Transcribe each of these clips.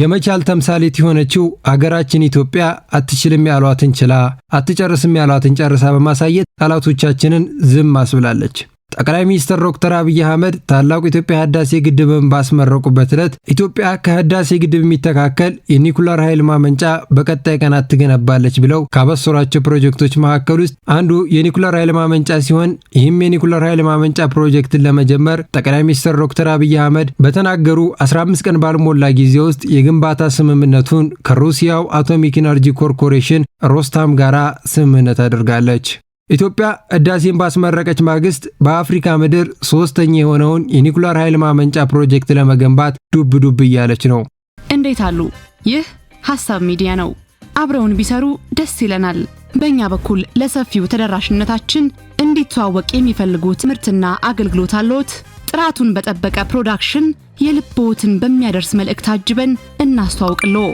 የመቻል ተምሳሌት የሆነችው አገራችን ኢትዮጵያ አትችልም ያሏትን ችላ፣ አትጨርስም ያሏትን ጨርሳ በማሳየት ጠላቶቻችንን ዝም አስብላለች። ጠቅላይ ሚኒስትር ዶክተር አብይ አህመድ ታላቁ ኢትዮጵያ ህዳሴ ግድብን ባስመረቁበት ዕለት ኢትዮጵያ ከህዳሴ ግድብ የሚተካከል የኒኩለር ኃይል ማመንጫ በቀጣይ ቀናት ትገነባለች ብለው ካበሰሯቸው ፕሮጀክቶች መካከል ውስጥ አንዱ የኒኩለር ኃይል ማመንጫ ሲሆን ይህም የኒኩለር ኃይል ማመንጫ ፕሮጀክትን ለመጀመር ጠቅላይ ሚኒስትር ዶክተር አብይ አህመድ በተናገሩ 15 ቀን ባልሞላ ጊዜ ውስጥ የግንባታ ስምምነቱን ከሩሲያው አቶሚክ ኢነርጂ ኮርፖሬሽን ሮስታም ጋራ ስምምነት አድርጋለች። ኢትዮጵያ ህዳሴን ባስመረቀች ማግስት በአፍሪካ ምድር ሶስተኛ የሆነውን የኒኩሌር ኃይል ማመንጫ ፕሮጀክት ለመገንባት ዱብ ዱብ እያለች ነው። እንዴት አሉ? ይህ ሀሳብ ሚዲያ ነው። አብረውን ቢሰሩ ደስ ይለናል። በእኛ በኩል ለሰፊው ተደራሽነታችን እንዲተዋወቅ የሚፈልጉ ትምህርትና አገልግሎት አለዎት? ጥራቱን በጠበቀ ፕሮዳክሽን የልብዎትን በሚያደርስ መልእክት አጅበን እናስተዋውቅልዎ።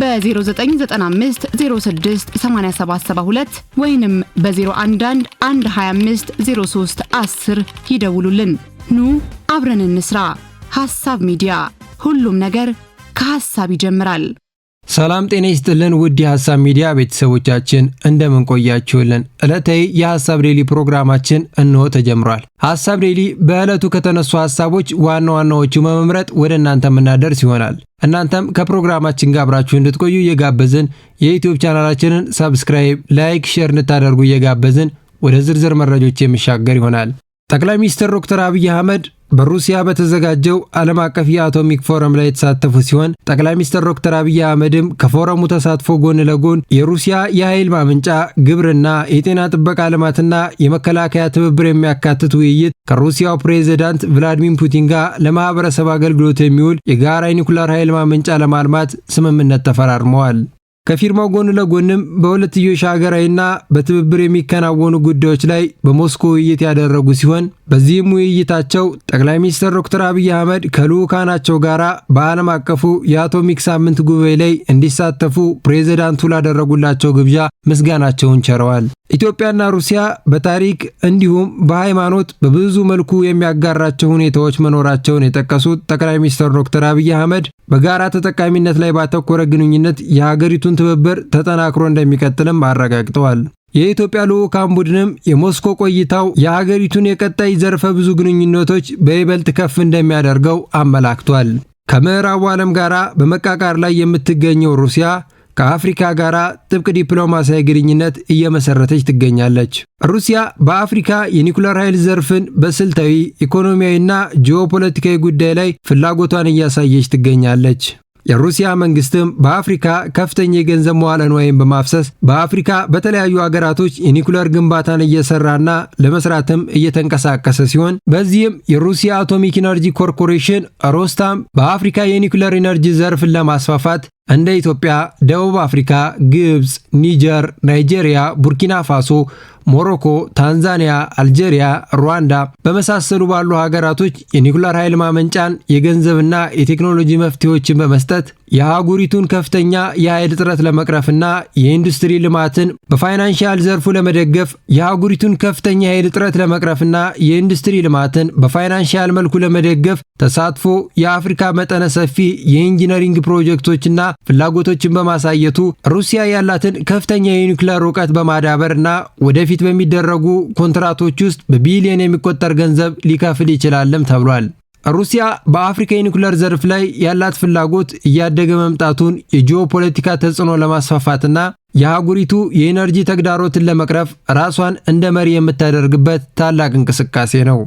በ0995 06 8772 ወይንም በ 0111 25 03 10 ይደውሉልን። ኑ አብረን እንስራ። ሐሳብ ሚዲያ፣ ሁሉም ነገር ከሐሳብ ይጀምራል። ሰላም ጤና ይስጥልን ውድ የሐሳብ ሚዲያ ቤተሰቦቻችን እንደምን ቆያችሁልን? ዕለታዊ የሐሳብ ዴሊ ፕሮግራማችን እንሆ ተጀምሯል። ሐሳብ ዴሊ በዕለቱ ከተነሱ ሐሳቦች ዋና ዋናዎቹ መመምረጥ ወደ እናንተ የምናደርስ ይሆናል። እናንተም ከፕሮግራማችን ጋር አብራችሁ እንድትቆዩ እየጋበዝን የዩቲዩብ ቻናላችንን ሰብስክራይብ፣ ላይክ፣ ሼር እንድታደርጉ እየጋበዝን ወደ ዝርዝር መረጃዎች የሚሻገር ይሆናል። ጠቅላይ ሚኒስትር ዶክተር አብይ አህመድ በሩሲያ በተዘጋጀው ዓለም አቀፍ የአቶሚክ ፎረም ላይ የተሳተፉ ሲሆን ጠቅላይ ሚኒስትር ዶክተር አብይ አህመድም ከፎረሙ ተሳትፎ ጎን ለጎን የሩሲያ የኃይል ማመንጫ፣ ግብርና፣ የጤና ጥበቃ ልማትና የመከላከያ ትብብር የሚያካትት ውይይት ከሩሲያው ፕሬዝዳንት ቭላዲሚር ፑቲን ጋር ለማህበረሰብ አገልግሎት የሚውል የጋራ የኒኩላር ኃይል ማመንጫ ለማልማት ስምምነት ተፈራርመዋል። ከፊርማው ጎን ለጎንም በሁለትዮሽ ሀገራዊና በትብብር የሚከናወኑ ጉዳዮች ላይ በሞስኮ ውይይት ያደረጉ ሲሆን በዚህም ውይይታቸው ጠቅላይ ሚኒስትር ዶክተር አብይ አህመድ ከልዑካናቸው ጋር በዓለም አቀፉ የአቶሚክ ሳምንት ጉባኤ ላይ እንዲሳተፉ ፕሬዚዳንቱ ላደረጉላቸው ግብዣ ምስጋናቸውን ቸረዋል። ኢትዮጵያና ሩሲያ በታሪክ እንዲሁም በሃይማኖት በብዙ መልኩ የሚያጋራቸው ሁኔታዎች መኖራቸውን የጠቀሱት ጠቅላይ ሚኒስትር ዶክተር አብይ አህመድ በጋራ ተጠቃሚነት ላይ ባተኮረ ግንኙነት የሀገሪቱን ትብብር ተጠናክሮ እንደሚቀጥልም አረጋግጠዋል። የኢትዮጵያ ልዑካን ቡድንም የሞስኮ ቆይታው የሀገሪቱን የቀጣይ ዘርፈ ብዙ ግንኙነቶች በይበልጥ ከፍ እንደሚያደርገው አመላክቷል። ከምዕራቡ ዓለም ጋር በመቃቃር ላይ የምትገኘው ሩሲያ ከአፍሪካ ጋር ጥብቅ ዲፕሎማሲያዊ ግንኙነት እየመሰረተች ትገኛለች። ሩሲያ በአፍሪካ የኒኩለር ኃይል ዘርፍን በስልታዊ ኢኮኖሚያዊና ጂኦፖለቲካዊ ጉዳይ ላይ ፍላጎቷን እያሳየች ትገኛለች። የሩሲያ መንግስትም በአፍሪካ ከፍተኛ የገንዘብ መዋለ ንዋይን በማፍሰስ በአፍሪካ በተለያዩ አገራቶች የኒኩለር ግንባታን እየሰራና ለመስራትም እየተንቀሳቀሰ ሲሆን በዚህም የሩሲያ አቶሚክ ኢነርጂ ኮርፖሬሽን ሮስታም በአፍሪካ የኒኩለር ኢነርጂ ዘርፍን ለማስፋፋት እንደ ኢትዮጵያ፣ ደቡብ አፍሪካ፣ ግብፅ፣ ኒጀር፣ ናይጄሪያ፣ ቡርኪና ፋሶ፣ ሞሮኮ፣ ታንዛኒያ፣ አልጄሪያ፣ ሩዋንዳ በመሳሰሉ ባሉ ሀገራቶች የኒኩለር ኃይል ማመንጫን የገንዘብና የቴክኖሎጂ መፍትሄዎችን በመስጠት የአህጉሪቱን ከፍተኛ የኃይል እጥረት ለመቅረፍና የኢንዱስትሪ ልማትን በፋይናንሽያል ዘርፉ ለመደገፍ የአህጉሪቱን ከፍተኛ የኃይል እጥረት ለመቅረፍና የኢንዱስትሪ ልማትን በፋይናንሽያል መልኩ ለመደገፍ ተሳትፎ የአፍሪካ መጠነ ሰፊ የኢንጂነሪንግ ፕሮጀክቶችና ፍላጎቶችን በማሳየቱ ሩሲያ ያላትን ከፍተኛ የኒውክሌር እውቀት በማዳበርና ወደፊት በሚደረጉ ኮንትራቶች ውስጥ በቢሊዮን የሚቆጠር ገንዘብ ሊከፍል ይችላልም ተብሏል። ሩሲያ በአፍሪካ የኒውክሌር ዘርፍ ላይ ያላት ፍላጎት እያደገ መምጣቱን የጂኦፖለቲካ ተጽዕኖ ለማስፋፋትና የአህጉሪቱ የኢነርጂ ተግዳሮትን ለመቅረፍ ራሷን እንደ መሪ የምታደርግበት ታላቅ እንቅስቃሴ ነው።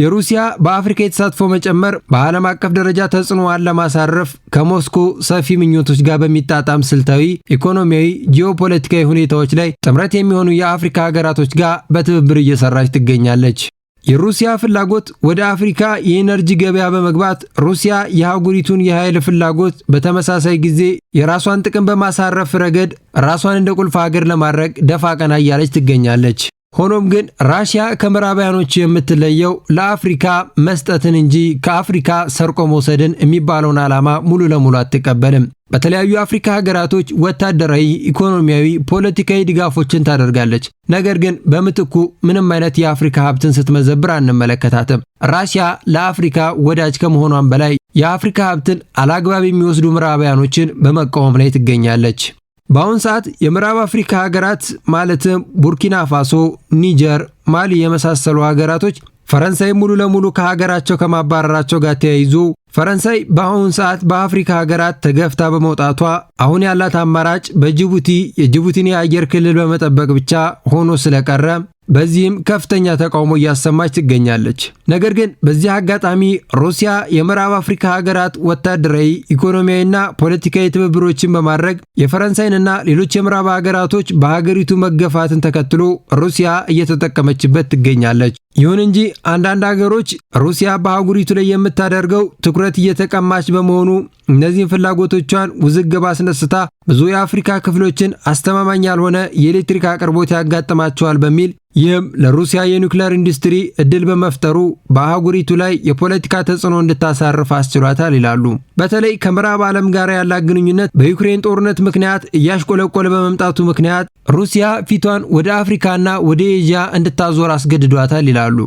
የሩሲያ በአፍሪካ የተሳትፎ መጨመር በዓለም አቀፍ ደረጃ ተጽዕኖዋን ለማሳረፍ ከሞስኮ ሰፊ ምኞቶች ጋር በሚጣጣም ስልታዊ፣ ኢኮኖሚያዊ፣ ጂኦፖለቲካዊ ሁኔታዎች ላይ ጥምረት የሚሆኑ የአፍሪካ ሀገራቶች ጋር በትብብር እየሰራች ትገኛለች። የሩሲያ ፍላጎት ወደ አፍሪካ የኢነርጂ ገበያ በመግባት ሩሲያ የአህጉሪቱን የኃይል ፍላጎት በተመሳሳይ ጊዜ የራሷን ጥቅም በማሳረፍ ረገድ ራሷን እንደ ቁልፍ ሀገር ለማድረግ ደፋ ቀና እያለች ትገኛለች። ሆኖም ግን ራሽያ ከምዕራባያኖች የምትለየው ለአፍሪካ መስጠትን እንጂ ከአፍሪካ ሰርቆ መውሰድን የሚባለውን ዓላማ ሙሉ ለሙሉ አትቀበልም። በተለያዩ አፍሪካ ሀገራቶች ወታደራዊ፣ ኢኮኖሚያዊ፣ ፖለቲካዊ ድጋፎችን ታደርጋለች። ነገር ግን በምትኩ ምንም አይነት የአፍሪካ ሀብትን ስትመዘብር አንመለከታትም። ራሽያ ለአፍሪካ ወዳጅ ከመሆኗን በላይ የአፍሪካ ሀብትን አላግባብ የሚወስዱ ምዕራባያኖችን በመቃወም ላይ ትገኛለች። በአሁን ሰዓት የምዕራብ አፍሪካ ሀገራት ማለትም ቡርኪና ፋሶ፣ ኒጀር፣ ማሊ የመሳሰሉ ሀገራቶች ፈረንሳይ ሙሉ ለሙሉ ከሀገራቸው ከማባረራቸው ጋር ተያይዞ ፈረንሳይ በአሁን ሰዓት በአፍሪካ ሀገራት ተገፍታ በመውጣቷ አሁን ያላት አማራጭ በጅቡቲ የጅቡቲን የአየር ክልል በመጠበቅ ብቻ ሆኖ ስለቀረ በዚህም ከፍተኛ ተቃውሞ እያሰማች ትገኛለች። ነገር ግን በዚህ አጋጣሚ ሩሲያ የምዕራብ አፍሪካ ሀገራት ወታደራዊ፣ ኢኮኖሚያዊና ፖለቲካዊ ትብብሮችን በማድረግ የፈረንሳይንና ሌሎች የምዕራብ ሀገራቶች በሀገሪቱ መገፋትን ተከትሎ ሩሲያ እየተጠቀመችበት ትገኛለች። ይሁን እንጂ አንዳንድ ሀገሮች ሩሲያ በአህጉሪቱ ላይ የምታደርገው ትኩረት ትኩረት እየተቀማች በመሆኑ እነዚህን ፍላጎቶቿን ውዝግብ አስነስታ ብዙ የአፍሪካ ክፍሎችን አስተማማኝ ያልሆነ የኤሌክትሪክ አቅርቦት ያጋጥማቸዋል በሚል ይህም ለሩሲያ የኒውክሌር ኢንዱስትሪ እድል በመፍጠሩ በአህጉሪቱ ላይ የፖለቲካ ተጽዕኖ እንድታሳርፍ አስችሏታል ይላሉ። በተለይ ከምዕራብ ዓለም ጋር ያላት ግንኙነት በዩክሬን ጦርነት ምክንያት እያሽቆለቆለ በመምጣቱ ምክንያት ሩሲያ ፊቷን ወደ አፍሪካና ወደ ኤዥያ እንድታዞር አስገድዷታል ይላሉ።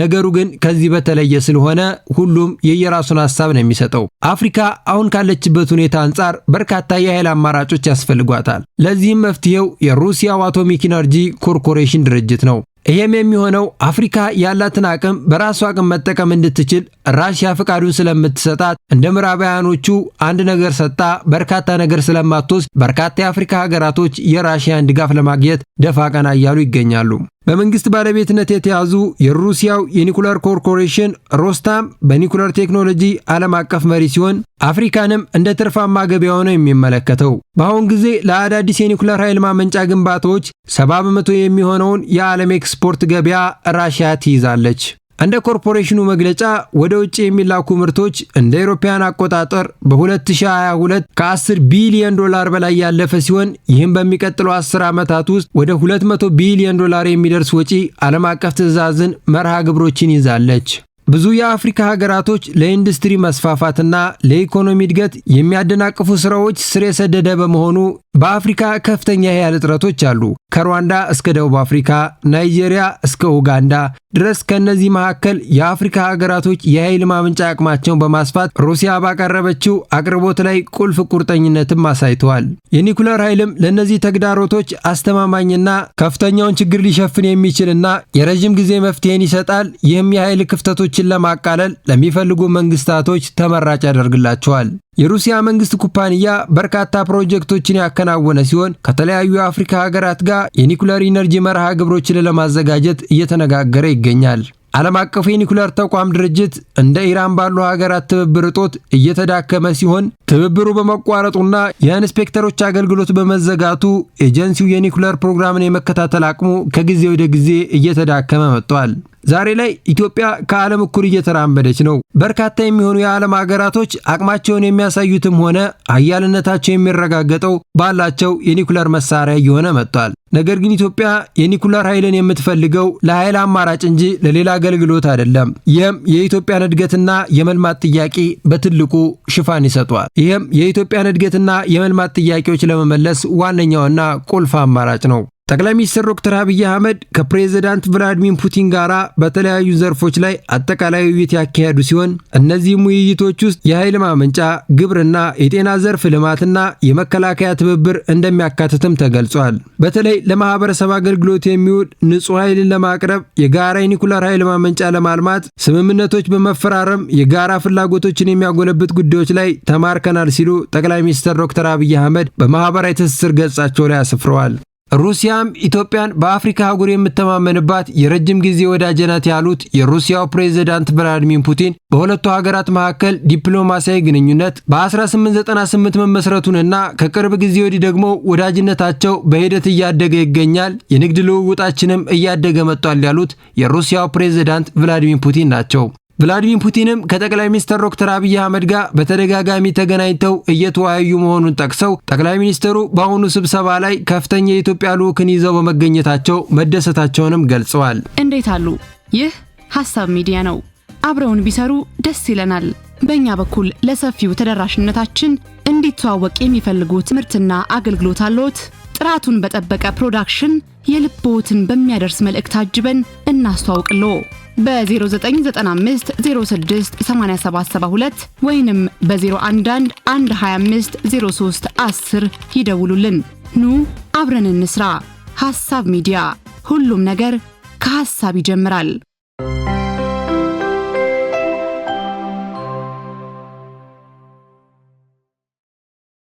ነገሩ ግን ከዚህ በተለየ ስለሆነ ሁሉም የየራሱን ሀሳብ ነው የሚሰጠው። አፍሪካ አሁን ካለችበት ሁኔታ አንጻር በርካታ የኃይል አማራጮች ያስፈልጓታል። ለዚህም መፍትሄው የሩሲያው አቶሚክ ኢነርጂ ኮርፖሬሽን ድርጅት ነው። ይህም የሚሆነው አፍሪካ ያላትን አቅም በራሷ አቅም መጠቀም እንድትችል ራሽያ ፍቃዱን ስለምትሰጣት እንደ ምዕራባውያኖቹ አንድ ነገር ሰጣ በርካታ ነገር ስለማትወስድ በርካታ የአፍሪካ ሀገራቶች የራሽያን ድጋፍ ለማግኘት ደፋ ቀና እያሉ ይገኛሉ። በመንግስት ባለቤትነት የተያዙ የሩሲያው የኒኩለር ኮርፖሬሽን ሮስታም በኒኩለር ቴክኖሎጂ ዓለም አቀፍ መሪ ሲሆን አፍሪካንም እንደ ትርፋማ ገበያ ነው የሚመለከተው። በአሁን ጊዜ ለአዳዲስ የኒኩለር ኃይል ማመንጫ ግንባታዎች 70 በመቶ የሚሆነውን የዓለም ኤክስፖርት ገበያ ራሽያ ትይዛለች። እንደ ኮርፖሬሽኑ መግለጫ ወደ ውጭ የሚላኩ ምርቶች እንደ ኤሮፓያን አቆጣጠር በ2022 ከ10 ቢሊዮን ዶላር በላይ ያለፈ ሲሆን ይህም በሚቀጥለው 10 ዓመታት ውስጥ ወደ 200 ቢሊዮን ዶላር የሚደርስ ወጪ ዓለም አቀፍ ትዕዛዝን መርሃ ግብሮችን ይዛለች። ብዙ የአፍሪካ ሀገራቶች ለኢንዱስትሪ መስፋፋትና ለኢኮኖሚ እድገት የሚያደናቅፉ ስራዎች ስር የሰደደ በመሆኑ በአፍሪካ ከፍተኛ የኃይል እጥረቶች አሉ። ከሩዋንዳ እስከ ደቡብ አፍሪካ፣ ናይጄሪያ እስከ ኡጋንዳ ድረስ። ከእነዚህ መካከል የአፍሪካ ሀገራቶች የኃይል ማመንጫ አቅማቸውን በማስፋት ሩሲያ ባቀረበችው አቅርቦት ላይ ቁልፍ ቁርጠኝነትም አሳይተዋል። የኒኩለር ኃይልም ለእነዚህ ተግዳሮቶች አስተማማኝና ከፍተኛውን ችግር ሊሸፍን የሚችልና የረዥም ጊዜ መፍትሄን ይሰጣል። ይህም የኃይል ክፍተቶችን ለማቃለል ለሚፈልጉ መንግስታቶች ተመራጭ ያደርግላቸዋል። የሩሲያ መንግስት ኩባንያ በርካታ ፕሮጀክቶችን ያከናወነ ሲሆን ከተለያዩ የአፍሪካ ሀገራት ጋር የኒኩለር ኢነርጂ መርሃ ግብሮችን ለማዘጋጀት እየተነጋገረ ይገኛል። ዓለም አቀፉ የኒኩለር ተቋም ድርጅት እንደ ኢራን ባሉ ሀገራት ትብብር እጦት እየተዳከመ ሲሆን ትብብሩ በመቋረጡና የኢንስፔክተሮች አገልግሎት በመዘጋቱ ኤጀንሲው የኒኩለር ፕሮግራምን የመከታተል አቅሙ ከጊዜ ወደ ጊዜ እየተዳከመ መጥቷል። ዛሬ ላይ ኢትዮጵያ ከዓለም እኩል እየተራመደች ነው። በርካታ የሚሆኑ የዓለም ሀገራቶች አቅማቸውን የሚያሳዩትም ሆነ አያልነታቸው የሚረጋገጠው ባላቸው የኒኩለር መሳሪያ እየሆነ መጥቷል። ነገር ግን ኢትዮጵያ የኒኩለር ኃይልን የምትፈልገው ለኃይል አማራጭ እንጂ ለሌላ አገልግሎት አይደለም። ይህም የኢትዮጵያን እድገትና የመልማት ጥያቄ በትልቁ ሽፋን ይሰጧል። ይህም የኢትዮጵያን እድገትና የመልማት ጥያቄዎች ለመመለስ ዋነኛውና ቁልፍ አማራጭ ነው። ጠቅላይ ሚኒስትር ዶክተር አብይ አህመድ ከፕሬዝዳንት ቭላዲሚር ፑቲን ጋር በተለያዩ ዘርፎች ላይ አጠቃላይ ውይይት ያካሄዱ ሲሆን እነዚህም ውይይቶች ውስጥ የኃይል ማመንጫ፣ ግብርና፣ የጤና ዘርፍ ልማትና የመከላከያ ትብብር እንደሚያካትትም ተገልጿል። በተለይ ለማህበረሰብ አገልግሎት የሚውል ንጹህ ኃይልን ለማቅረብ የጋራ የኒኩለር ኃይል ማመንጫ ለማልማት ስምምነቶች በመፈራረም የጋራ ፍላጎቶችን የሚያጎለብት ጉዳዮች ላይ ተማርከናል ሲሉ ጠቅላይ ሚኒስትር ዶክተር አብይ አህመድ በማህበራዊ ትስስር ገጻቸው ላይ አስፍረዋል። ሩሲያም ኢትዮጵያን በአፍሪካ አህጉር የምተማመንባት የረጅም ጊዜ ወዳጅ ናት ያሉት የሩሲያው ፕሬዝዳንት ቭላድሚር ፑቲን በሁለቱ ሀገራት መካከል ዲፕሎማሲያዊ ግንኙነት በ1898 መመስረቱንና ከቅርብ ጊዜ ወዲህ ደግሞ ወዳጅነታቸው በሂደት እያደገ ይገኛል፣ የንግድ ልውውጣችንም እያደገ መጥቷል ያሉት የሩሲያው ፕሬዝዳንት ቭላዲሚር ፑቲን ናቸው። ቭላዲሚር ፑቲንም ከጠቅላይ ሚኒስትር ዶክተር አብይ አህመድ ጋር በተደጋጋሚ ተገናኝተው እየተወያዩ መሆኑን ጠቅሰው ጠቅላይ ሚኒስትሩ በአሁኑ ስብሰባ ላይ ከፍተኛ የኢትዮጵያ ልዑክን ይዘው በመገኘታቸው መደሰታቸውንም ገልጸዋል። እንዴት አሉ? ይህ ሀሳብ ሚዲያ ነው። አብረውን ቢሰሩ ደስ ይለናል። በእኛ በኩል ለሰፊው ተደራሽነታችን እንዲተዋወቅ የሚፈልጉ ምርትና አገልግሎት አለዎት? ጥራቱን በጠበቀ ፕሮዳክሽን የልብዎትን በሚያደርስ መልእክት አጅበን እናስተዋውቅልዎ። በ0995 06 8772 ወይንም በ 0111 125 03 10 ይደውሉልን። ኑ አብረን እንስራ። ሐሳብ ሚዲያ፣ ሁሉም ነገር ከሐሳብ ይጀምራል።